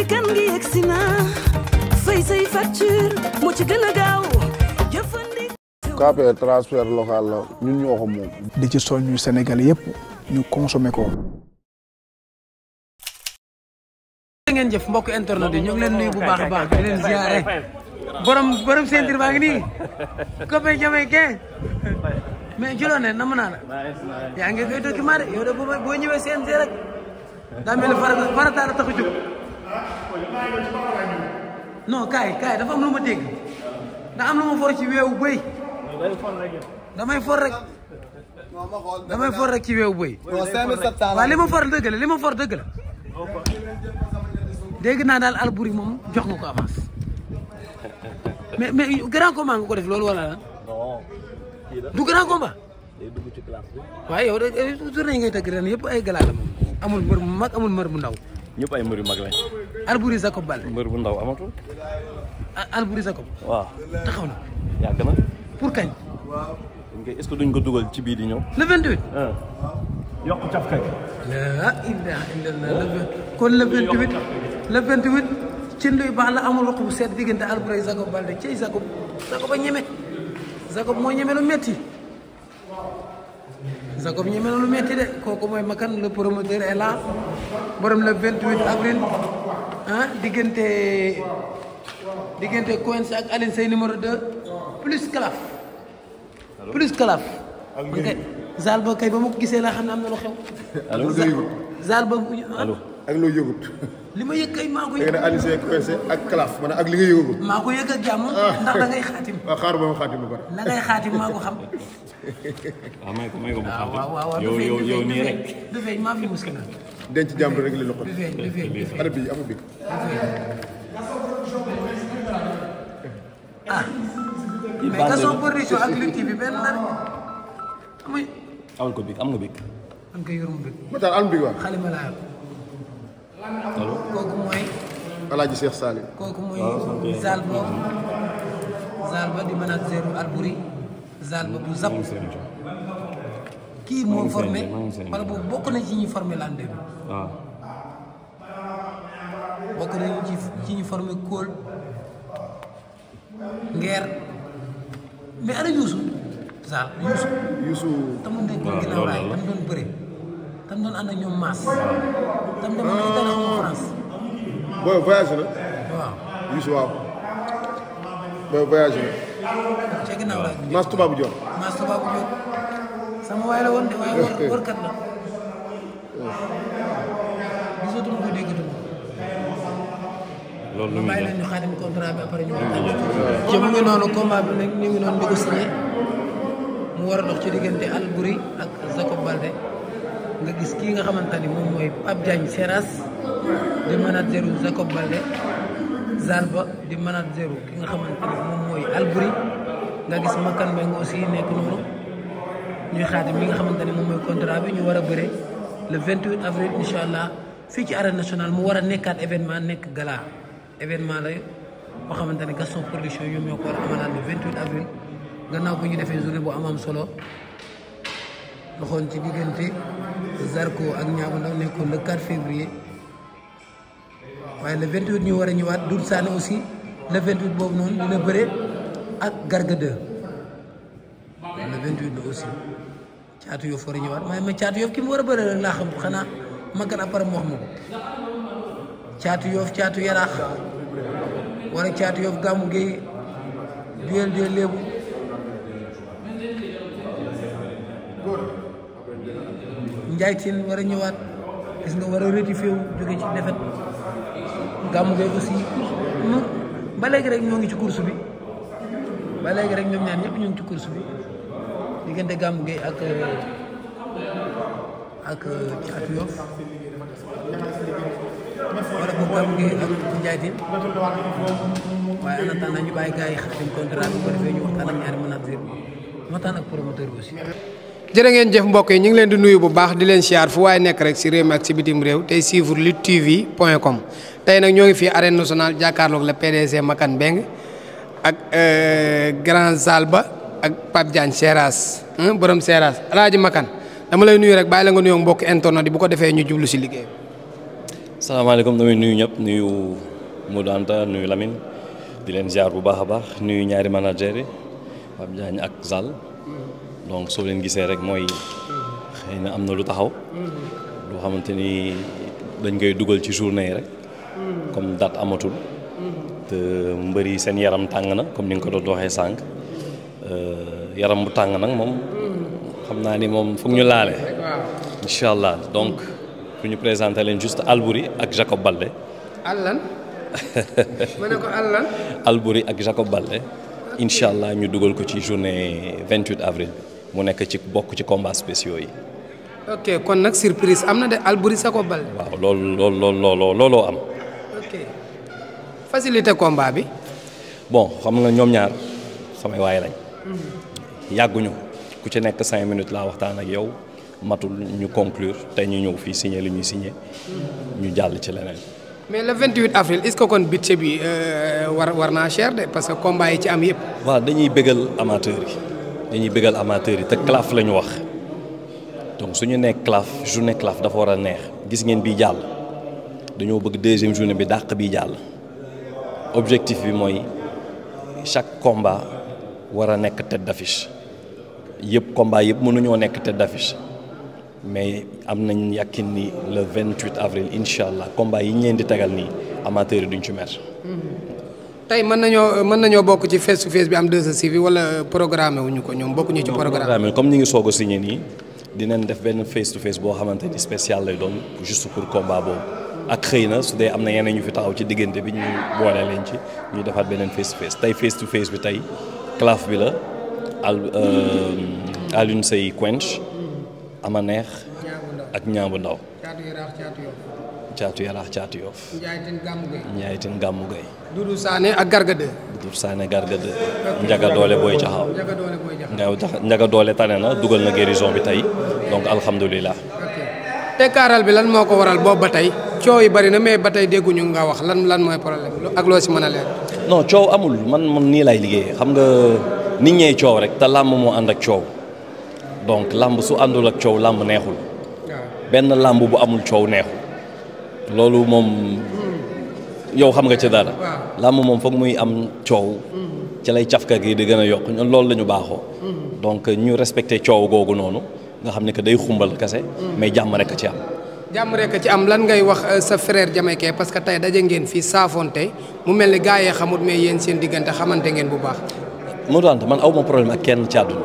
mooy kan na fay say facture moo ci gën a gaaw jëfandi KPR transfert local la ñu ñoo moom di ci soññu Sénégal yëpp ñu consommer ko ngeen jëf mbokk internet yi ñu leen bu baax a baax di leen ziare borom borom sentir baa ngi nii copain jamaïcain mais jëloo ne namm naa la yaa ngi koy documenté yow de boo ñëwee CNG rek daa mel ni farata tax a non kaay kaay dafa am lu ma dégg da am lu ma for ci weewu bëy damay for rek damay for rek ci weewu bëy waaw li ma for dëgg la li ma for dëgg la dégg naa daal Alboury moom jox nga ko avance mais mais grand combat ko def loolu wala la du grand combat waaye yow de journée ngay tëgg yëpp ay gala la amul mbër mu mag amul mbër mu ndaw ay mbër yu mag lañ Albouri Jacob Baldé. mbër bu ndaw amatul. Albouri Jacob. waaw taxaw na. yàgg na. pour kañ. est-ce que duñ ko dugal ci bii di ñëw. le 28. Ah. yokku la ilaha illallah kon le 28 le 28 ci nduy baax la amul wax bu seet diggante Albouri Jacob Baldé cey Jacob Jacob a ñeme. Jacob moo ñeme lu metti. Jacob ñeme lu metti de kooku mooy makan le promoteur est là borom le 28 avril. ah diggante diggante Coins ak Alioune Seye numéro 2 plus calaf plus calaf ok ba kay ba ma gisee laa xam ne am na lu xew. allo ba ah. ak loo yëgut. li ma yëg kay maa ko yëg. da jàmm. Ah. ndax da xaatim. waaw ah, xaaru ba ma xaatim ba pare. la xaatim maa ko xam. waaw may ko may ko mu xaatim. waaw waaw waaw yow feeñ maa fi muskil denc jàmbur rek li loxo arab yi bi ah mais Gaston Production ak Lutte ko bi am nga bi am nga yorum bi ma taal kooku mooy alaaji Cheikh Salim kooku mooy zal ah, boobu zal ba di mën ba bu zapp kii moo formé wala boobu bokk na ci ñuy formé l'an 2000. waaw bokk nañu ci ci ñu Ngeer mais ana Youssou Sall Youssou. Youssou tamu raay ah, tam doon bëre tam doon ànd ñoom maas. Ah. tam demoon na France. booy voyage na. waaw Youssou waaw. booy voyage na. ca ginnaaw raay. maas tubaabu Dior. maas tubaabu Dior. sama waay la woon waaye war warkat la gisatuma ko déggatuma loolu lu mu ngi noonu combat bi nag ñu ngi noonu di mu war a dox ci diggante Albouri ak Jacob Balde nga gis kii nga xamante ni moom mooy Pape Diagne seraas di manager Jacob Balde Zalba di manager ki nga xamante ni moom mooy Albouri nga gis Makan Mbengue aussi nekk noonu ñuy xaatim li nga xamante ne moom mooy contrat bi ñu war a bëre le 28 avril incha allah fii ci arène national mu war a nekkaat événement nekk gala événement la boo xamante ne Gaston production ñoom ñoo ko a amalaat le avril gannaaw bu ñu defee journée bu amaam solo doxoon ci diggante Zarko ak Niang bu Ndaw nekkoon le 4 février waaye le 28 ñu war a ñëwaat Doudou Sané aussi le boobu noonu dina bëre ak Garga wala 28 la aussi caatu yoof war a ñëwaat waaye ma caatu yoof ki mu war a bëre rek laa xam xanaa magan appareil mu wax ma caatu yoof caatu yaraax wala caatu yoof gàmmu géey duel de léebu njaay tiin war a ñëwaat gis nga war a rétifié wu jóge ci defet gàmmu géey aussi ba léegi rek ñoo ngi ci course bi ba léegi rek ñoom ñaar ñëpp ñoo ngi ci course bi diggante Gamou Gueye ak euh, ak Caatu euh, Yoff wala boog ngeen jëf mbokk yi ñu ngi leen di nuyu bu baax di leen siyaar fu waaye nekk rek si réew mi ak si bitim réew tey suivre Lutte TV point com tey nag ñoo ngi fii arène nationale jàkkaarloog la PDG Makan Beng ak euh, grand salle ba ak Pape Diagne Seras borom Seras alaaji Makan dama lay nuyu rek bàyyi la nga nuyoo mbokk internet yi bu ko defee ñu jublu si liggéey salaamaaleykum damay nuyu ñëpp nuyu Modou Anta nuyu Lamine di leen ziar bu baax a baax nuyu ñaari manager yi Pape Diagne ak Zal donc soo leen gisee rek mooy xëy na am na lu taxaw loo xamante ni dañ koy dugal ci journée yi rek comme date amatul te mbëri seen yaram tàng na comme ni nga ko doon doxee sànq Euh, yaram mu tàng nag moom xam naa ni moom foog ñu laale incha allah donc ku ñu présenter leen juste Albouri ak Jacob Balde allan ma ne ko allan Albouri ak Jacob Balde incha allah ñu dugal ko ci journée 28 avril mu nekk ci bokk ci combats spéciaux yi ok kon nag surprise am na de Albouri Jacob Balde waaw loolu loolu loolu looloo am ok facilité combat bi bon xam nga ñoom ñaar samay waay lañ yàgguñu ku ci nekk cinq minutes laa waxtaan ak yow matul ñu conclure te ñu ñëw fii signé li ñuy signé ñu jàll ci leneen. mais le 28 avril est-ce que kon budget bi euh, war war naa cher de parce que combat yi ci am yëpp. waaw dañuy bégal amateurs yi dañuy bégal amateurs yi te claf la ñu wax donc suñu nekk claf journée claf dafa war a neex gis ngeen bii jàll dañoo bëgg deuxième journée bi dàq bii jàll objectif bi mooy chaque combat. war a nekk tête d'affiche yëpp combat yëpp mënuñoo nekk tête d'affiche mais am nañ yàkkin ni le 28 avril incha allah combat yi ñu leen di tegal nii amateur yi duñ ci mer. Mm-hmm. tey mën nañoo mën nañoo bokk ci face to face bi am 2STV wala programme wuñu ko ñoom bokkuñu ci programme comme ni ngi soog a signé nii dinañ def benn face to face boo xamante ni spécial lay doon juste pour combat boobu ak xëy na su dee am na yeneen ñu fi taxaw ci diggante bi ñu boole leen ci ñuy defaat beneen face to tey face to bi tey. claf bi la al euh, Alioune Seye Quench Amaneex ak ñaabu ndaw caatu yaraax caatu yoof njaay tin gàmmu gay dudu saane ak garga de dudu saane garga de njaga doole booy jaxaw njaga doole tane na dugal na guérison bi tey donc alhamdulilah te kaaral bi lan moo ko waral boobu ba tey coow yi bari na mais ba tey dégguñu nga wax lan lan mooy problème ak loo si mën a leer non coow amul man man nii laay liggéey xam nga nit ñee coow rek te làmb moo ànd ak coow donc làmb su àndul ak coow làmb neexul benn làmb bu amul coow neexul loolu moom yow xam nga ci dara làmb moom foog muy am coow mm-hmm. ci lay cafka gi di gën a yokk ñun loolu la ñu baaxoo mm-hmm. donc ñu respecté coow googu noonu nga xam ne que day xumbal kase mm-hmm. mais jàmm rek a ci am jàmm rek ci am lan ngay wax euh, sa frère jamaïcain parce que tey daje ngeen fii tey mu mel ni gars yee xamut mais yéen seen diggante xamante ngeen bu baax. Modou Anta man aw ma problème ak kenn ci àdduna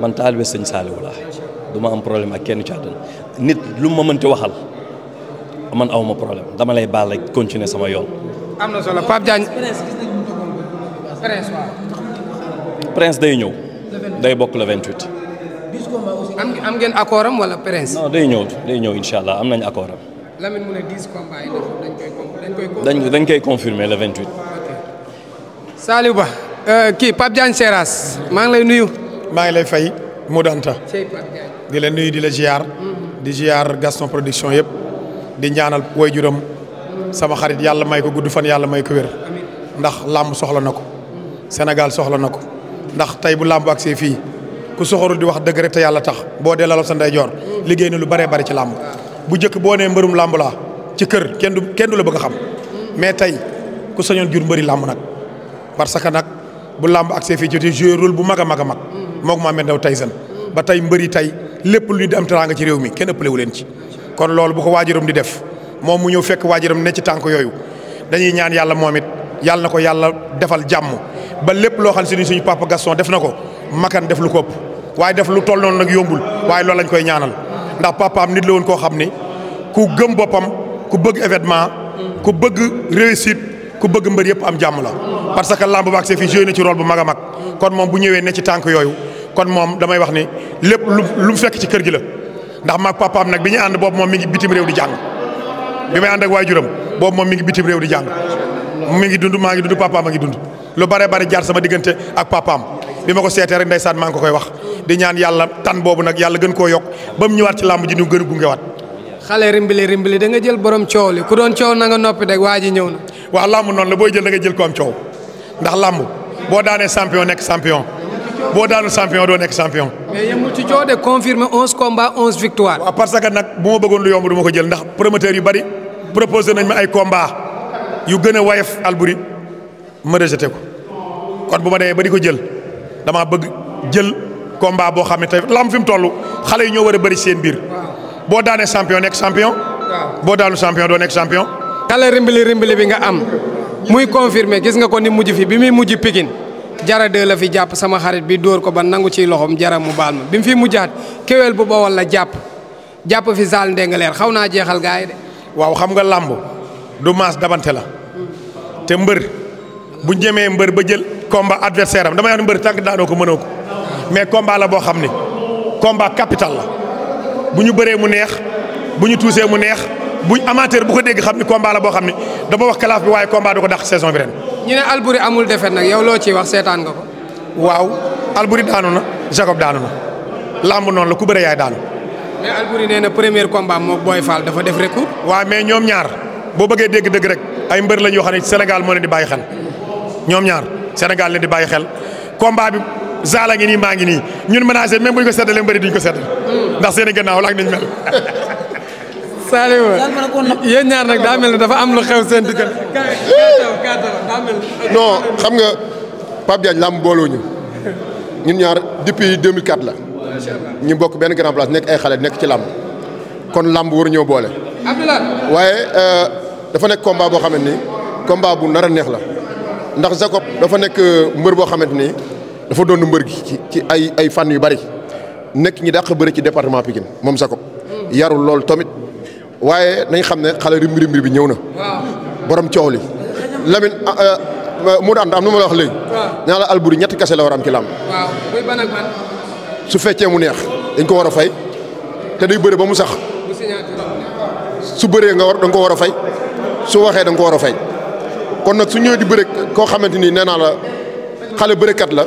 man taalibe sëñ Saaliw laa du am problème ak kenn ci àdduna nit lu ma mënti waxal man aw ma problème dama lay baax rek continuer sama yoon. am na solo Pape prince day ñëw. day bokk le 28. am am ngeen accord am wala prince. non day ñëw day ñëw incha allah am nañ accord am. Lamine mu ne 10 dañ koy dañ koy. dañ dañ koy confirmer le 28. ok Saliou euh, kii Pape Diagne maa ngi lay nuyu. maa ngi lay fay Moudanta. di la nuyu di la ziar. Mm-hmm. di ziar Gaston production yëpp. di ñaanal juróom mm-hmm. sama xarit yàlla may ko gudd fan yàlla may ko wér. ndax làmb soxla na ko. Sénégal soxla na ko. ndax tey bu làmb ak see fii. ku soxorul di wax dëgg rek te yàlla tax boo dee laloo sa ndeyjoor liggéey na lu baree bari ci làmb bu njëkk boo nee mbërum làmb laa ci kër kenn du kenn du la bëgg a xam mais tey ku sañoon jur mbëri làmb nag parce que nag bu làmb ak see fii joti joué rôle bu mag a mag a mag moog Mohamed Ndao Tyson ba tey mbëri tey lépp lu ñu di am teraanga ci réew mi kenn ëppalewu leen ci kon loolu bu ko waajuram di def moom mu ñëw fekk waajuram ne ci tànk yooyu dañuy ñaan yàlla moom it yàlla na ko yàlla defal jàmm ba lépp loo xam si ni suñu papa Gaston def na ko makan def lu ko waaye def lu toll noonu nag yombul waaye loolu lañ koy ñaanal ndax papaam nit la woon koo xam ni ku gëm boppam ku bëgg événement ku bëgg réussite ku bëgg mbër yëpp am jàmm la. parce que lamb baak see fii joué na ci rôle bu mag a mag kon moom bu ñëwee ne ci tànk yooyu kon moom damay wax ni lépp lu lu mu fekk ci kër gi la ndax maag papaam nag bi ñu ànd boobu moom mi ngi bitim réew di jàng bi may ànd ak waajuram boobu moom mi ngi bitim réew di jàng mi ngi dund maa ngi dund papaam a ngi dund. lu bare bari jaar sama diggante ak papaam bi ma ko seetee rek ndeysaan maa ngi ko koy wax di ñaan yàlla tan boobu nag yàlla gën koo yokk ba mu ñëwaat ci làmb ji ñu gën a gungewaat. xale rimbili rimbili da nga jël borom coow li ku doon coow na nga noppi rek waa ji ñëw na. waaw làmb noonu la booy jël da nga jël koom am coow ndax làmb boo daanee champion nekk champion boo daanu champion doo nekk champion. mais yemul ci coow de confirmer onze combats onze victoires. waaw parce que nag bu ma bëggoon yomb du ma ko jël ndax promoteurs yu bari proposé nañ ma ay combats yu gën a wayef Alboury ma rejeté ko kon bu ma demee ba di ko jël damaa bëgg jël combat boo xam ne lam fi mu toll xale yi ñoo war a bëri seen biir boo daanee champion nekk champion. boo daanu champion doo nekk champion. xale rimbili rimbili bi nga am muy confirmé gis nga ko ni mujj fi bi muy mujj Pikine jara de la fi jàpp sama xarit bi dóor ko ba nangu ciy loxoom jara mu baal ma bi mu fi mujjaat bu bawal la jàpp jàpp fi saal ndengaleer xaw naa jeexal gars waaw xam nga làmb du maas dabante la te mbër. bu jëmee mbër ba jël combat adversaire am dama wax mbër tànk daanoo ko mënoo ko mais combat la boo xam ni combat capital la bu ñu bëree mu neex bu ñu tuusee mu neex bu amateur bu ko dégg xam ni combat boo xam ni dama wax kalaaf bi waaye combat du ko dàq saison bi ren. ñu ne Albouri amul defet nag yow loo ciy wax seetaan nga ko. waaw Albouri daanu na Jacob daanu na lamb noonu la ku bëre yaay daanu. mais Albouri nee na premier combat moom Boy dafa def recours. waaw mais ñoom ñaar boo bëggee dégg dëgg rek ay mbër lañ yoo xam ne Sénégal moo leen di bàyyi xel. ñoom ñaar Sénégal leen di bàyyi xel combat bi zaala ngi nii maa ngi nii ñun menacé même bu ñu ko seddalee di duñ ko sedd ndax seen i gannaaw la ak niñ mel. Saliou yéen ñaar mel ne dafa am lu xew seen diggante. non xam nga Pape Diagne làmb booloo ñu ñun ñaar depuis 2004 la. ñu bokk benn grand place nekk ay xale nekk ci làmb kon làmb waru ñoo boole. waaye euh, dafa nekk combat boo xam ne nii combat bu nar a neex la. ndax Jacob dafa nekk euh, mbër boo xamante ni dafa doon mbër gi ci ay ay fànn yu bari nekk ñi daq bëri ci département Pikine moom Jacob. Hmm. yarul lool tamit waaye nañ xam ne xale rimbi rimbi bi ñëw na. borom coow li Lamine ah, euh, mu daan am nu ma la wax léegi. ñaa la Alboury ñetti kase la war am ci làmb. su feccee mu neex dañ ko war a fay te day bëre ba mu sax. su bëree nga war da ko war a fay su waxee da ko war a fay. kon nag su ñëwee di bëre koo xamante ni nee naa la xale bërekat la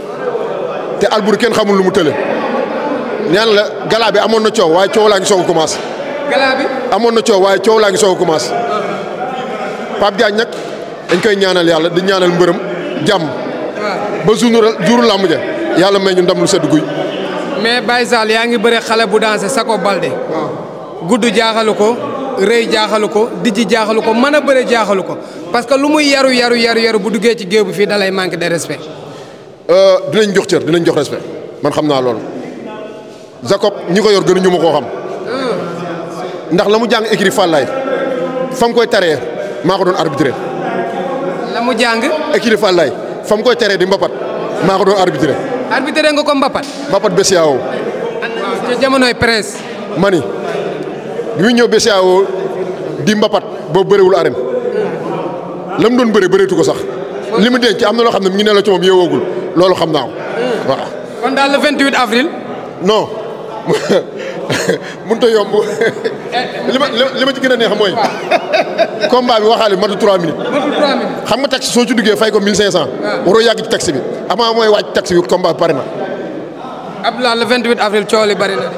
te Alboury kenn xamul lu mu tële nee la galaa bi amoon na coow waaye coow laa ngi soog a commencé. galaa bi amoon na coow waaye coow laa ngi soog a commencé Pape Diagne nag dañ koy ñaanal yàlla di ñaanal mbërëm jàmm. ba jour jour làmb ja yàlla may ñu ndam lu sedd guy. mais Baye Sall yaa ngi bëre xale bu dansé Sako Balde. gudd jaaxalu ko. rëy jaaxalu ko dijji jaaxalu ko mën a bëre jaaxalu ko parce que lu muy yaru yaru yaru yaru bu duggee ci géew bu fii dalay manque de respect. Euh, dinañ jox cër dinañ jox respect man xam naa loolu Jacob ñi ko yor gënu ñu ko koo xam ndax la mu jàng écrit Fallaye fa koy taree maa ko doon arbitré. la mu jàng. écrit Fallaye fa mu di Mbapat maa ko doon arbitré. arbitré nga ko Mbapat. Mbapat Bessiao. waaw ca jamonoy presse. ma bi muy ñëw BCEAO di mbapat boobu bëriwul arène la mu doon bëri bëreetu ko sax li mu denc am na loo xam ne mi ngi ne la ci moom yeewoogul loolu xam naa ko waaw. kon daal le 28 avril. non mënut a yomb li ma li ma ci gën a neex mooy. combat bi waxaale matu 3 minutes. minutes. xam nga taxi soo ci duggee fay ko 1500. waaw ah. waroo yàgg ci taxi bi avant mooy wàcc taxi bi combat bi pare na. le 28 avril coow li bari na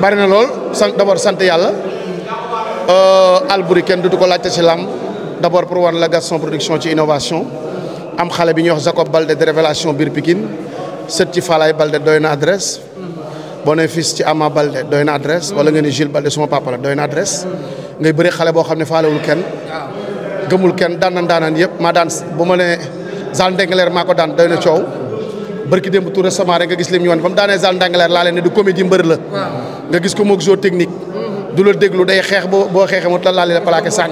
bari na lool sant d'abord sant yàlla euh, Alboury kenn du ko laajte ci làmb d'abord pour wan la Gaston production ci innovation am xale bi ñuy wax Jacob Balde de révélation biir Pikine sët ci Falaye Balde doy na adresse boo nee fils ci Ama Balde doy na adresse wala nga ni Gilles Balde suma papa la doy na adresse ngay bëri xale boo xam ne faalewul kenn gëmul kenn daan na daanaan yëpp maa daan bu ma nee Zal Ndengler maa ko daan doy na coow barki démb tout récemment rek nga gis lim ñu woon daanee Zal Ndangler laa ne du comédie mbër la. nga gis ko moo zone technique. Mm-hmm. du la déglu day xeex boo boo xeexee mu la laale la plaqué sànq.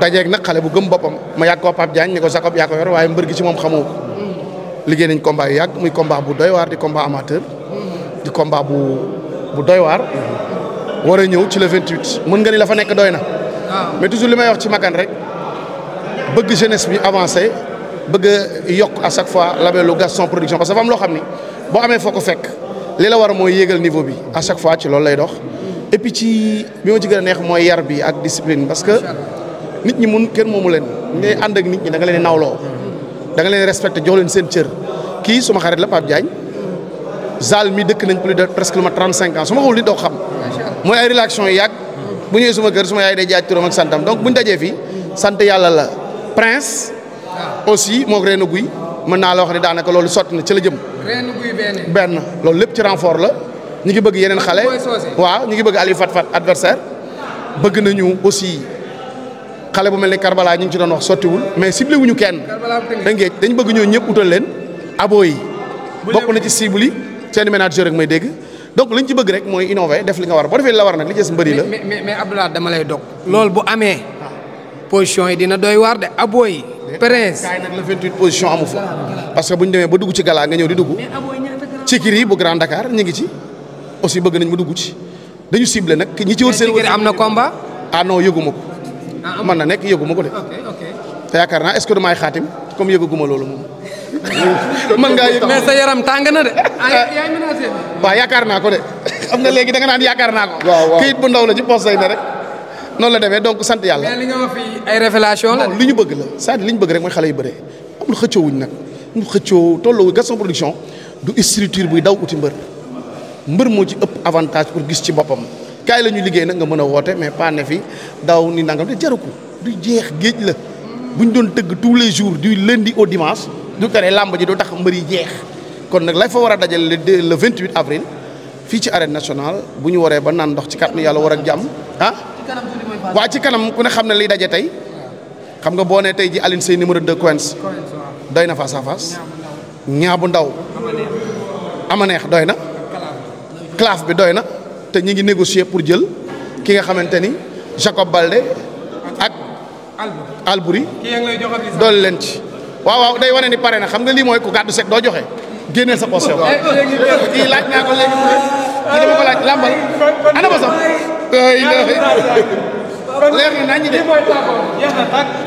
dajeeg nag xale bu gëm boppam ma yàgg koo Pape Diagne ni ko Jacob yaa ko yor waaye mbër gi ci moom xamoo mm-hmm. liggéey nañ combat yu yàgg muy combat bu doy waar di combat amateur. Mm-hmm. di combat bu bu doy waar. war a ñëw ci le 28 mën nga ni la fa nekk doy na. Ah. mais toujours li may wax ci makan rek bëgg jeunesse bi avancé. bëgg a yokk à chaque fois labelu Gaston production parce que dafa loo xam ni boo amee foo ko fekk li la war a mooy yéegal niveau bi à chaque fois ci loolu lay dox et puis ci bi ma ci gën a neex mooy yar bi ak discipline parce que nit ñi mun kenn moomu leen ngay ànd ak nit ñi da nga leen nawloo da nga leen respecté jox leen seen cër kii suma xarit la Pape Diagne zal mi dëkk nañ plus de presque lu ma trente cinq ans su ma xawul nit doo xam mooy ay relation yi yàgg bu ñëwee suma kër suma yaay day jaaj turam ak dajee fii sant yàlla la aussi moog reenu guy mën naa la wax ne daanaka loolu sotti na ci la jëm. benn. loolu lépp ci renfort la ñu ngi bëgg yeneen xale. waaw ñu ngi bëgg Aliou Fat Fat adversaire bëgg nañu aussi xale bu mel ne Karbala ñu ngi ci doon wax sottiwul mais ciblé wuñu kenn. da ngeen dañ bëgg ñoo ñëpp utal leen abo yi. bokk na ci cible yi seen ménageur rek may dégg. donc liñ ci bëgg rek mooy innover def li nga war boo defee li la war nag li ci mbëri la. mais mais mais Abdoulaye dama lay dog. loolu bu amee. Ah. position yi dina doy waar de abo yi Perez kaay nag la 28 amu fa. parce que bu ñu demee ba dugg ci gala nga ñëw di dugg. ci kir yi bu Grand Dakar ñu ngi ci. aussi bëgg nañ ma dugg ci. dañu ciblé nag ñi ci wër seen. mais am na komba ah non yëgu ma ko. Ah, mën na nekk yëguma ko de. te yaakaar naa est-ce que damay xaatim comme yëgaguma loolu moom. mën ngaa yëg mais sa yaram tàng na de. Ah, yaay yaakaar naa ko de xam nga léegi da nga naan yaakaar naa ko. waaw waaw këyit bu ndaw la ci poste yi ne rek. noonu la demee donc sant yàlla. mais li la. li ñu bëgg la cest à li ñu bëgg rek mooy xale yu bëree amul xëccoo wuñ nag amul xëccoo tolloo Gaston Production du structure buy daw uti mbër mbër moo ci ëpp avantage pour gis ci boppam kaay la ñuy liggéey nag nga mën a woote mais pas ne fi daw ni nangam te jaru ko du jeex géej la bu ñu doon tëgg tous les jours du lundi au dimanche du tere làmb ji du tax mbër yi jeex kon nag lay fa war a dajal le 28 avril fii ci arène nationale bu ñu waree ba naan ndox ci kàttanu yàlla war ak jàmm ah? waa ci kanam ku ne xam ne lii daje tey xam nga boo ne tey ji Alioune Seye numéro 2 Quench doy na face à face ñaabu ndaw ama neex doy na claf bi doy na te ñi ngi négocier pour jël ki nga xamante ni Jacob Balde ak Albouri doole leen ci waaw waaw day wane ni pare na xam nga lii mooy ku gàddu sec doo joxe génneel sa poste kii laaj naa ko léegi kii dama ko laaj làmbal ana ba sax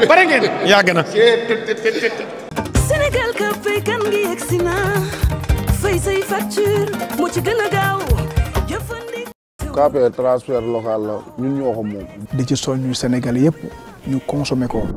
bare ngeen yàgg na Sénégal ka fay kan ngi yegsi na fay say facture moo ci gën a gaaw KPA transfert local la ñun ñoo moom di ci soññu Sénégal yëpp ñu consomé ko